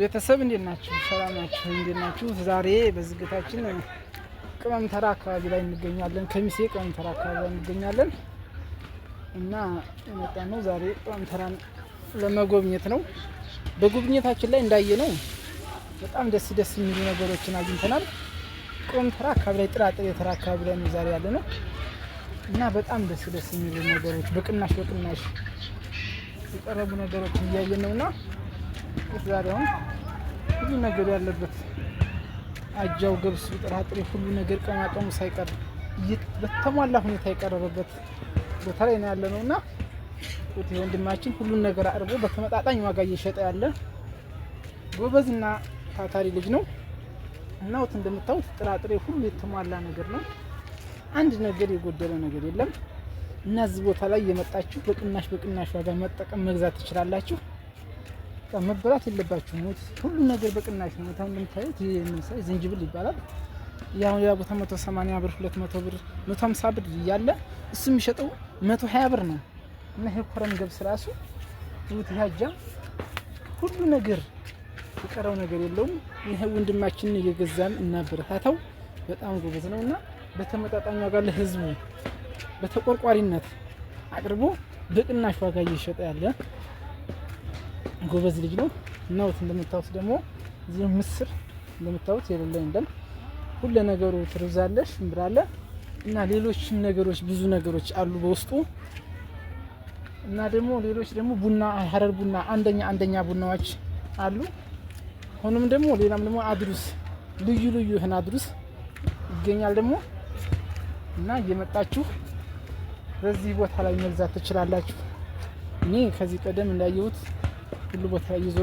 ቤተሰብ እንዴት ናችሁ? ሰላም ናችሁ? እንዴት ናችሁ? ዛሬ በዝግታችን ቅመም ተራ አካባቢ ላይ እንገኛለን። ከሚሴ ቅመም ተራ አካባቢ ላይ እንገኛለን እና የመጣ ነው ዛሬ ቅመም ተራን ለመጎብኘት ነው። በጉብኝታችን ላይ እንዳየ ነው በጣም ደስ ደስ የሚሉ ነገሮችን አግኝተናል። ቅመም ተራ አካባቢ ላይ ጥራጥሬ ተራ አካባቢ ላይ ዛሬ ያለ ነው እና በጣም ደስ ደስ የሚሉ ነገሮች በቅናሽ በቅናሽ የቀረቡ ነገሮችን እያየን ነውና የዛሬውን ሁሉ ነገር ያለበት አጃው፣ ገብሱ፣ ጥራጥሬ ሁሉ ነገር ቀማቀሙ ሳይቀር በተሟላ ሁኔታ የቀረበበት ቦታ ላይ ነው ያለ ነው እና ወንድማችን ሁሉን ነገር አቅርቦ በተመጣጣኝ ዋጋ እየሸጠ ያለ ጎበዝና ታታሪ ልጅ ነው እና ወት እንደምታዩት ጥራጥሬ ሁሉ የተሟላ ነገር ነው። አንድ ነገር የጎደለ ነገር የለም እና እዚህ ቦታ ላይ የመጣችሁ በቅናሽ በቅናሽ ዋጋ መጠቀም መግዛት ትችላላችሁ። መበላት የለባቸው ሞት ሁሉ ነገር በቅናሽ ነው። ታ እንደምታዩት ምሳሌ ዝንጅብል ይባላል። ያው ሌላ ቦታ 180 ብር፣ 200 ብር፣ 150 ብር እያለ እሱ የሚሸጠው 120 ብር ነው። እና ይሄ ኮረም ገብስ ራሱ ይሁት ሁሉ ነገር የቀረው ነገር የለውም። ይሄ ወንድማችን እየገዛን እናበረታታው። በጣም ጎበዝ እና በተመጣጣኝ ዋጋ ለህዝቡ በተቆርቋሪነት አቅርቦ በቅናሽ ዋጋ እየሸጠ ያለ ጎበዝ ልጅ ነው። እናውት እንደምታውስ ደግሞ እዚህ ምስር እንደምታውት የሌለ የለም። ሁሉ ነገሩ ትርዛለሽ እንብራለ እና ሌሎች ነገሮች ብዙ ነገሮች አሉ በውስጡ እና ደግሞ ሌሎች ደግሞ ቡና ሀረር ቡና አንደኛ አንደኛ ቡናዎች አሉ። ሆኖም ደግሞ ሌላም ደግሞ አድሩስ ልዩ ልዩ ይህን አድሩስ ይገኛል ደግሞ እና እየመጣችሁ በዚህ ቦታ ላይ መግዛት ትችላላችሁ። እኔ ከዚህ ቀደም እንዳየሁት ሁሉ ቦታ ይዞ